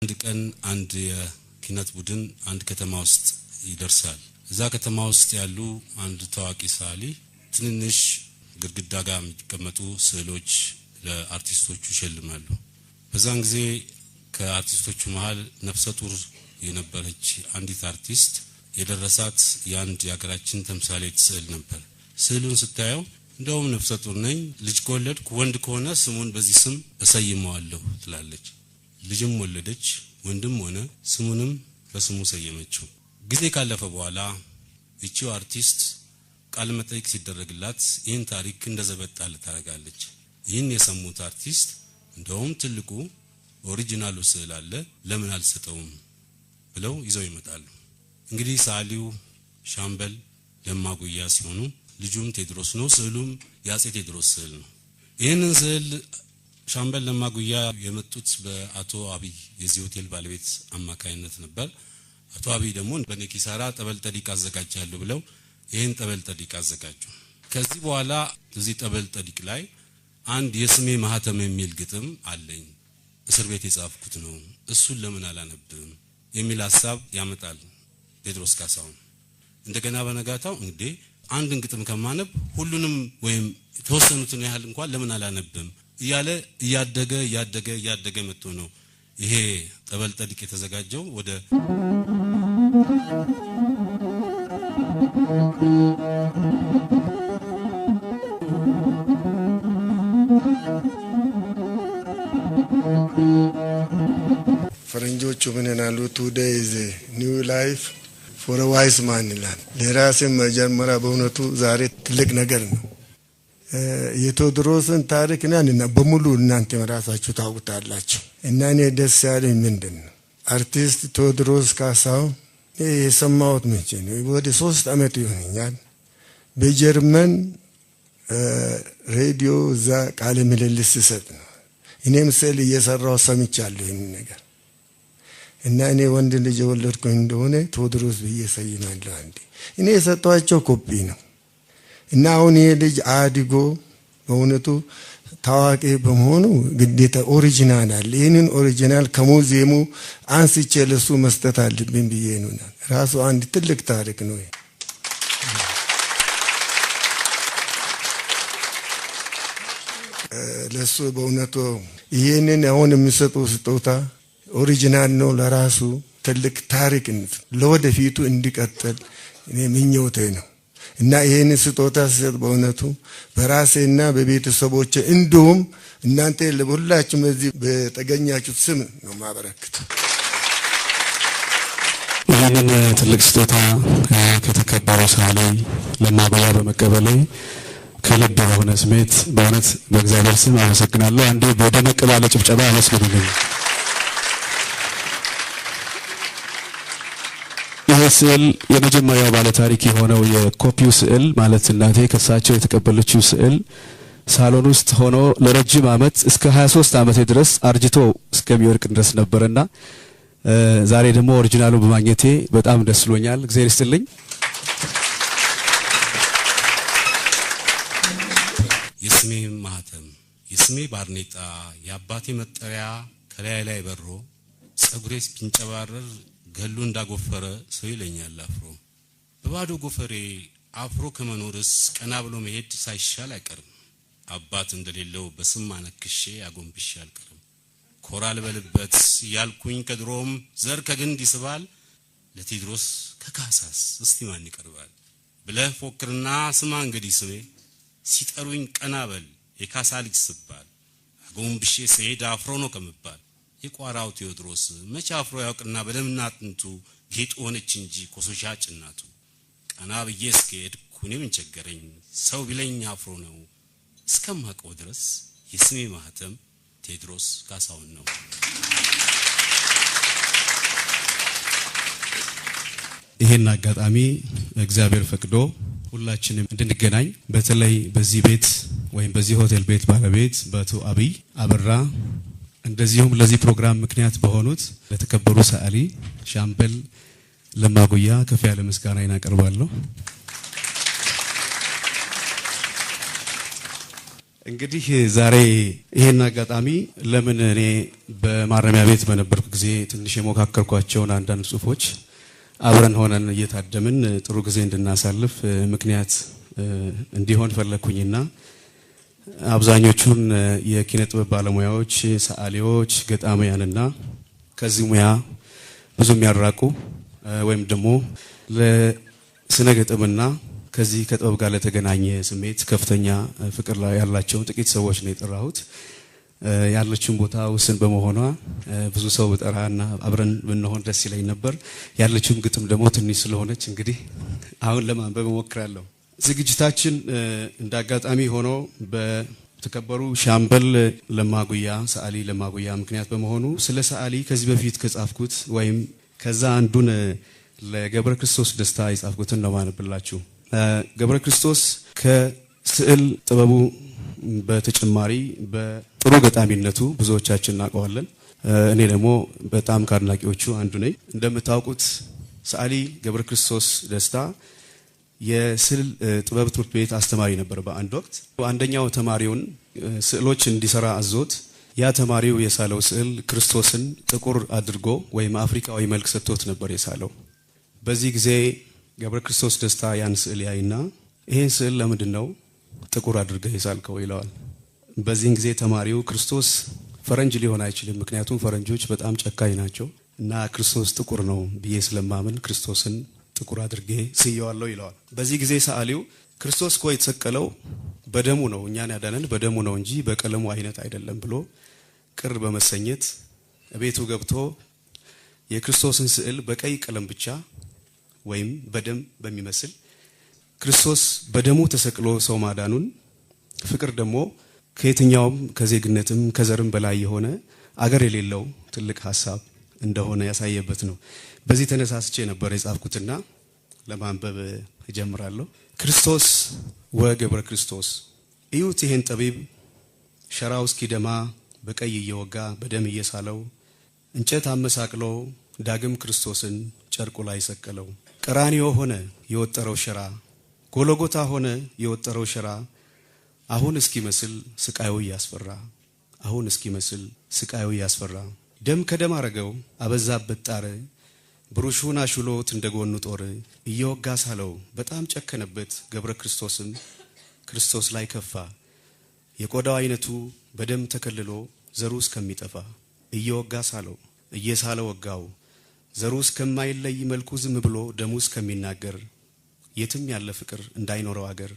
አንድ ቀን አንድ የኪነት ቡድን አንድ ከተማ ውስጥ ይደርሳል። እዛ ከተማ ውስጥ ያሉ አንድ ታዋቂ ሰዓሊ ትንንሽ ግድግዳ ጋር የሚቀመጡ ስዕሎች ለአርቲስቶቹ ይሸልማሉ። በዛን ጊዜ ከአርቲስቶቹ መሀል ነፍሰ ጡር የነበረች አንዲት አርቲስት የደረሳት የአንድ የሀገራችን ተምሳሌት ስዕል ነበር። ስዕሉን ስታየው እንደውም ነፍሰ ጡር ነኝ፣ ልጅ ከወለድኩ ወንድ ከሆነ ስሙን በዚህ ስም እሰይመዋለሁ ትላለች። ልጅም ወለደች፣ ወንድም ሆነ። ስሙንም በስሙ ሰየመችው። ጊዜ ካለፈ በኋላ እቺው አርቲስት ቃለ መጠይቅ ሲደረግላት ይህን ታሪክ እንደ ዘበት ታደርጋለች። ይህን የሰሙት አርቲስት እንደውም ትልቁ ኦሪጂናሉ ስዕል አለ ለምን አልሰጠውም ብለው ይዘው ይመጣሉ። እንግዲህ ሰዓሊው ሻምበል ለማ ጉያ ሲሆኑ ልጁም ቴድሮስ ነው። ስዕሉም የአጼ ቴዎድሮስ ስዕል ነው። ይህንን ስዕል ሻምበል ለማ ጉያ የመጡት በአቶ አብይ የዚህ ሆቴል ባለቤት አማካይነት ነበር። አቶ አብይ ደግሞ በኔ ኪሳራ ጠበል ጠዲቅ አዘጋጃለሁ ብለው ይህን ጠበል ጠዲቅ አዘጋጁ። ከዚህ በኋላ እዚህ ጠበል ጠዲቅ ላይ አንድ የስሜ ማህተም የሚል ግጥም አለኝ፣ እስር ቤት የጻፍኩት ነው። እሱን ለምን አላነብም የሚል ሀሳብ ያመጣል ቴድሮስ ካሳሁን። እንደገና በነጋታው እንግዲህ አንድን ግጥም ከማነብ ሁሉንም ወይም የተወሰኑትን ያህል እንኳን ለምን አላነብም እያለ እያደገ እያደገ እያደገ መጥቶ ነው ይሄ ጠበል ጠድቅ የተዘጋጀው ወደ ፈረንጆቹ ምን ይላሉ? ቱ ኒው ላይፍ ፎር ዋይስ ማን ይላል። ለራሴ መጀመሪያ በእውነቱ ዛሬ ትልቅ ነገር ነው። የቴዎድሮስን ታሪክ እና በሙሉ እናንተ ራሳችሁ ታውቁታላችሁ እና እኔ ደስ ያለኝ ምንድን ነው አርቲስት ቴዎድሮስ ካሳሁን የሰማሁት መቼ ነው? ወደ ሶስት ዓመት ይሆነኛል። በጀርመን ሬዲዮ እዛ ቃለ ምልልስ ሲሰጥ ነው። እኔም ምስል እየሰራው ሰምቻለሁ ይህን ነገር እና እኔ ወንድ ልጅ የወለድኩኝ እንደሆነ ቴዎድሮስ ብዬ ሰይማለሁ። አንዴ እኔ የሰጠኋቸው ኮፒ ነው እና አሁን ይሄ ልጅ አድጎ በእውነቱ ታዋቂ በመሆኑ ግዴታ ኦሪጂናል አለ። ይህንን ኦሪጂናል ከሙዚየሙ አንስቼ ለሱ መስጠት አለብኝ ብዬ ነው። ራሱ አንድ ትልቅ ታሪክ ነው። ለሱ በእውነቱ ይህንን አሁን የሚሰጡ ስጦታ ኦሪጂናል ነው። ለራሱ ትልቅ ታሪክ ለወደፊቱ እንዲቀጥል እኔ ምኞቴ ነው። እና ይህን ስጦታ ሲሰጥ በእውነቱ በራሴና በቤተሰቦቼ እንዲሁም እናንተ ለሁላችሁም በዚህ በተገኛችሁት ስም ነው ማበረክት። ይህንን ትልቅ ስጦታ ከተከበረው ስራ ላይ ለማበያ በመቀበሌ ከልብ በሆነ ስሜት በእውነት በእግዚአብሔር ስም አመሰግናለሁ። አንዴ በደመቅ ባለ ጭብጨባ አመስግኑልኝ። ስዕል የመጀመሪያው ባለታሪክ የሆነው የኮፒው ስዕል ማለት እናቴ ከሳቸው የተቀበለችው ስዕል ሳሎን ውስጥ ሆኖ ለረጅም ዓመት እስከ 23 ዓመቴ ድረስ አርጅቶ እስከሚወርቅ ድረስ ነበርና ዛሬ ደግሞ ኦሪጂናሉ በማግኘቴ በጣም ደስ ብሎኛል። እግዚአብሔር ይስጥልኝ። የስሜ ማህተም፣ የስሜ ባርኔጣ፣ የአባቴ መጠሪያ ከላይ ላይ በሮ ጸጉሬ ቢንጨባረር ገሉ እንዳጎፈረ ሰው ይለኛል አፍሮ። በባዶ ጎፈሬ አፍሮ ከመኖርስ ቀና ብሎ መሄድ ሳይሻል አይቀርም። አባት እንደሌለው በስም አነክሼ አጎንብሼ አልቀርም። ኮራ ልበልበት ያልኩኝ ከድሮም ዘር ከግንድ ይስባል። ለቴድሮስ ከካሳስ እስቲ ማን ይቀርባል ብለህ ፎክርና ስማ እንግዲህ ስሜ ሲጠሩኝ ቀና በል የካሳ ልጅ ስባል አጎንብሼ ስሄድ አፍሮ ነው ከምባል የቋራው ቴዎድሮስ መቼ አፍሮ ያውቅና በደምና አጥንቱ ጌጥ ሆነች እንጂ ኮሶሻ ጭናቱ ቀና ብዬ እስከሄድ ኩኔ ምን ቸገረኝ ሰው ቢለኝ አፍሮ ነው እስከማውቀው ድረስ የስሜ ማህተም ቴዎድሮስ ካሳሁን ነው። ይሄን አጋጣሚ እግዚአብሔር ፈቅዶ ሁላችንም እንድንገናኝ በተለይ በዚህ ቤት ወይም በዚህ ሆቴል ቤት ባለቤት በአቶ አብይ አበራ እንደዚሁም ለዚህ ፕሮግራም ምክንያት በሆኑት ለተከበሩ ሰዓሊ ሻምበል ለማጉያ ከፍ ያለ ምስጋና ይናቀርባለሁ። እንግዲህ ዛሬ ይሄን አጋጣሚ ለምን እኔ በማረሚያ ቤት በነበርኩ ጊዜ ትንሽ የሞካከርኳቸውን አንዳንድ ጽሁፎች አብረን ሆነን እየታደምን ጥሩ ጊዜ እንድናሳልፍ ምክንያት እንዲሆን ፈለግኩኝና አብዛኞቹን የኪነ ጥበብ ባለሙያዎች፣ ሰዓሊዎች፣ ገጣሚያንና ከዚህ ሙያ ብዙ የሚያራቁ ወይም ደግሞ ለስነ ግጥምና ከዚህ ከጥበብ ጋር ለተገናኘ ስሜት ከፍተኛ ፍቅር ያላቸውን ጥቂት ሰዎች ነው የጠራሁት። ያለችን ቦታ ውስን በመሆኗ ብዙ ሰው ብጠራና አብረን ብንሆን ደስ ይለኝ ነበር። ያለችውም ግጥም ደግሞ ትንሽ ስለሆነች እንግዲህ አሁን ለማንበብ እሞክራለሁ። ዝግጅታችን እንደ አጋጣሚ ሆኖ በተከበሩ ሻምበል ለማጉያ ሰዓሊ ለማጉያ ምክንያት በመሆኑ ስለ ሰዓሊ ከዚህ በፊት ከጻፍኩት ወይም ከዛ አንዱን ለገብረ ክርስቶስ ደስታ የጻፍኩትን ነው ገብረ ክርስቶስ ከስዕል ጥበቡ በተጨማሪ በጥሩ ገጣሚነቱ ብዙዎቻችን እናውቀዋለን። እኔ ደግሞ በጣም ከአድናቂዎቹ አንዱ ነኝ። እንደምታውቁት ሰዓሊ ገብረ ክርስቶስ ደስታ የስዕል ጥበብ ትምህርት ቤት አስተማሪ ነበር። በአንድ ወቅት አንደኛው ተማሪውን ስዕሎች እንዲሰራ አዞት ያ ተማሪው የሳለው ስዕል ክርስቶስን ጥቁር አድርጎ ወይም አፍሪካዊ መልክ ሰጥቶት ነበር የሳለው። በዚህ ጊዜ ገብረ ክርስቶስ ደስታ ያን ስዕል ያይና ይህን ስዕል ለምንድን ነው ጥቁር አድርገህ የሳልከው ይለዋል። በዚህን ጊዜ ተማሪው ክርስቶስ ፈረንጅ ሊሆን አይችልም፣ ምክንያቱም ፈረንጆች በጣም ጨካኝ ናቸው እና ክርስቶስ ጥቁር ነው ብዬ ስለማምን ክርስቶስን ጥቁር አድርጌ ስየዋለሁ ይለዋል። በዚህ ጊዜ ሰዓሊው ክርስቶስ እኮ የተሰቀለው በደሙ ነው፣ እኛን ያዳነን በደሙ ነው እንጂ በቀለሙ አይነት አይደለም ብሎ ቅር በመሰኘት ቤቱ ገብቶ የክርስቶስን ስዕል በቀይ ቀለም ብቻ ወይም በደም በሚመስል ክርስቶስ በደሙ ተሰቅሎ ሰው ማዳኑን ፍቅር ደግሞ ከየትኛውም ከዜግነትም ከዘርም በላይ የሆነ አገር የሌለው ትልቅ ሀሳብ እንደሆነ ያሳየበት ነው። በዚህ ተነሳስቼ ነበር የጻፍኩትና ለማንበብ እጀምራለሁ። ክርስቶስ ወገብረ ክርስቶስ እዩት ይሄን ጠቢብ ሸራው እስኪደማ በቀይ እየወጋ በደም እየሳለው እንጨት አመሳቅሎ ዳግም ክርስቶስን ጨርቁ ላይ ሰቀለው። ቀራንዮ ሆነ የወጠረው ሸራ፣ ጎለጎታ ሆነ የወጠረው ሸራ። አሁን እስኪመስል ስቃዩ እያስፈራ አሁን እስኪመስል ስቃዩ እያስፈራ ደም ከደም አረገው አበዛበት ጣረ ብሩሹን አሹሎት እንደ ጎኑ ጦር እየወጋ ሳለው በጣም ጨከነበት። ገብረ ክርስቶስም ክርስቶስ ላይ ከፋ። የቆዳው አይነቱ በደም ተከልሎ ዘሩ እስከሚጠፋ እየወጋ ሳለው እየሳለ ወጋው ዘሩ እስከማይለይ መልኩ ዝም ብሎ ደሙ እስከሚናገር የትም ያለ ፍቅር እንዳይኖረው አገር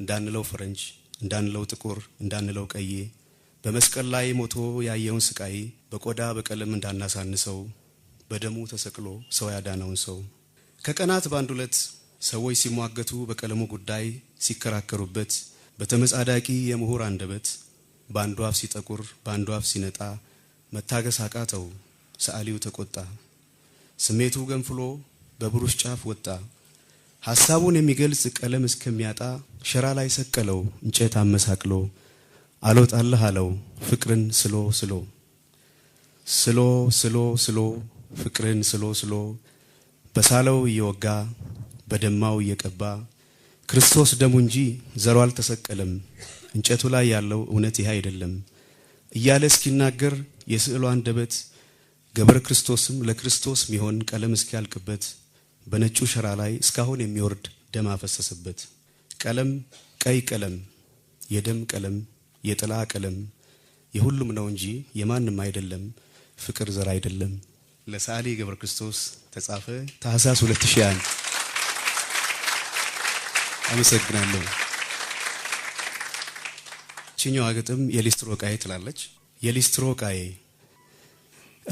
እንዳንለው ፈረንጅ እንዳንለው ጥቁር እንዳንለው ቀዬ በመስቀል ላይ ሞቶ ያየውን ስቃይ በቆዳ በቀለም እንዳናሳንሰው በደሙ ተሰቅሎ ሰው ያዳነውን ሰው ከቀናት በአንድ ሁለት ሰዎች ሲሟገቱ በቀለሙ ጉዳይ ሲከራከሩበት በተመጻዳቂ የምሁር አንደበት በአንዱ አፍ ሲጠቁር በአንዱ አፍ ሲነጣ መታገስ አቃተው። ሰዓሊው ተቆጣ። ስሜቱ ገንፍሎ በብሩሽ ጫፍ ወጣ። ሀሳቡን የሚገልጽ ቀለም እስከሚያጣ ሸራ ላይ ሰቀለው እንጨት አመሳቅሎ አልወጣልህ አለው ፍቅርን ስሎ ስሎ ስሎ ስሎ ስሎ ፍቅርን ስሎ ስሎ በሳለው እየወጋ በደማው እየቀባ ክርስቶስ ደሙ እንጂ ዘሮ አልተሰቀለም፣ እንጨቱ ላይ ያለው እውነት ይህ አይደለም እያለ እስኪናገር የስዕሉ አንደበት ገብረ ክርስቶስም ለክርስቶስ ሚሆን ቀለም እስኪያልቅበት በነጩ ሸራ ላይ እስካሁን የሚወርድ ደም አፈሰሰበት። ቀለም ቀይ ቀለም፣ የደም ቀለም፣ የጥላ ቀለም የሁሉም ነው እንጂ የማንም አይደለም። ፍቅር ዘር አይደለም። ለሰዓሊ ገብረ ክርስቶስ ተጻፈ ታህሳስ 2001። አመሰግናለሁ። ችኛዋ ግጥም የሊስትሮ ቃዬ ትላለች። የሊስትሮ ቃዬ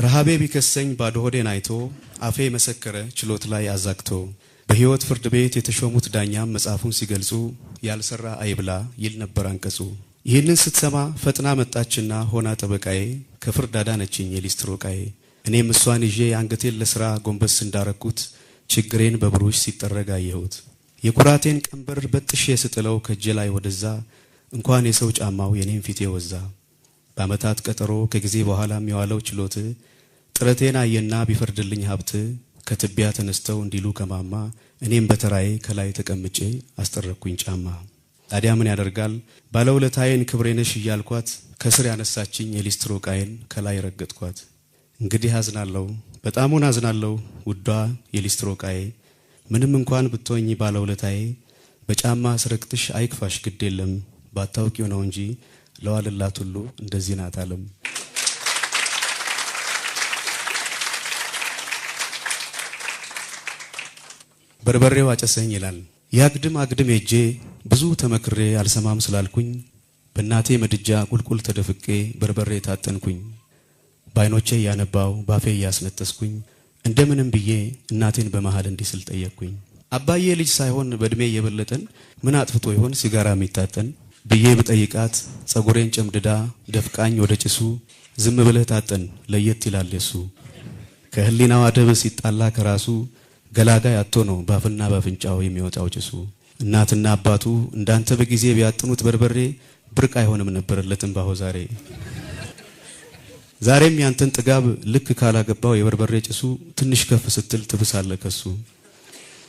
ረሃቤ ቢከሰኝ ባዶ ሆዴን አይቶ አፌ መሰከረ ችሎት ላይ አዛግቶ በሕይወት ፍርድ ቤት የተሾሙት ዳኛም መጽሐፉን ሲገልጹ ያልሰራ አይብላ ይል ነበር አንቀጹ። ይህንን ስትሰማ ፈጥና መጣችና ሆና ጠበቃዬ ከፍርድ አዳነችኝ የሊስትሮ ቃዬ እኔም እሷን ይዤ አንገቴን ለስራ ጎንበስ እንዳረኩት ችግሬን በብሩሽ ሲጠረግ አየሁት። የኩራቴን ቀንበር በጥሼ ስጥለው ከእጄ ላይ ወደዛ እንኳን የሰው ጫማው የኔም ፊቴ ወዛ። በአመታት ቀጠሮ ከጊዜ በኋላም የዋለው ችሎት ጥረቴን አየና ቢፈርድልኝ ሀብት ከትቢያ ተነስተው እንዲሉ ከማማ እኔም በተራዬ ከላይ ተቀምጬ አስጠረኩኝ ጫማ። ታዲያ ምን ያደርጋል ባለውለታዬን ክብሬነሽ እያልኳት ከስር ያነሳችኝ የሊስትሮ ቃዬን ከላይ ረገጥኳት። እንግዲህ አዝናለሁ፣ በጣሙን አዝናለሁ ውዷ የሊስትሮ ቃዬ፣ ምንም እንኳን ብትሆኝ ባለውለታዬ፣ በጫማ ስረግጥሽ አይክፋሽ ግድ የለም ባታውቂው ነው እንጂ ለዋልላት ሁሉ እንደዚህ ናት አለም። በርበሬው አጨሰኝ ይላል ያግድም አግድም ሄጄ ብዙ ተመክሬ አልሰማም ስላልኩኝ በእናቴ ምድጃ ቁልቁል ተደፍቄ በርበሬ ታጠንኩኝ። በአይኖቼ እያነባው ባፌ እያስነጠስኩኝ እንደምንም ብዬ እናቴን በመሃል እንዲህ ስል ጠየቅኩኝ። አባዬ ልጅ ሳይሆን በእድሜ እየበለጠን ምን አጥፍቶ ይሆን ሲጋራ የሚታጠን ብዬ ብጠይቃት ጸጉሬን ጨምድዳ ደፍቃኝ ወደ ጭሱ ዝም ብለህ ታጠን ለየት ይላል የሱ ከህሊናው አደብ ሲጣላ ከራሱ ገላጋይ አጥቶ ነው ባፍና ባፍንጫው የሚወጣው ጭሱ። እናትና አባቱ እንዳንተ በጊዜ ቢያጥኑት በርበሬ ብርቅ አይሆንም ነበረለትም ባሆ ዛሬ ዛሬም ያንተን ጥጋብ ልክ ካላገባው የበርበሬ ጭሱ ትንሽ ከፍ ስትል ትብሳለ ከሱ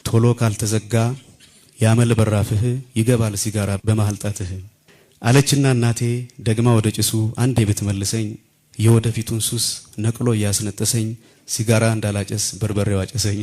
ቶሎ ካልተዘጋ ያመል በራፍህ ይገባል ሲጋራ በማህልጣትህ አለችና እናቴ ደግማ ወደ ጭሱ አንዴ ብትመልሰኝ የወደፊቱን ሱስ ነቅሎ እያስነጠሰኝ ሲጋራ እንዳላጨስ በርበሬው አጨሰኝ።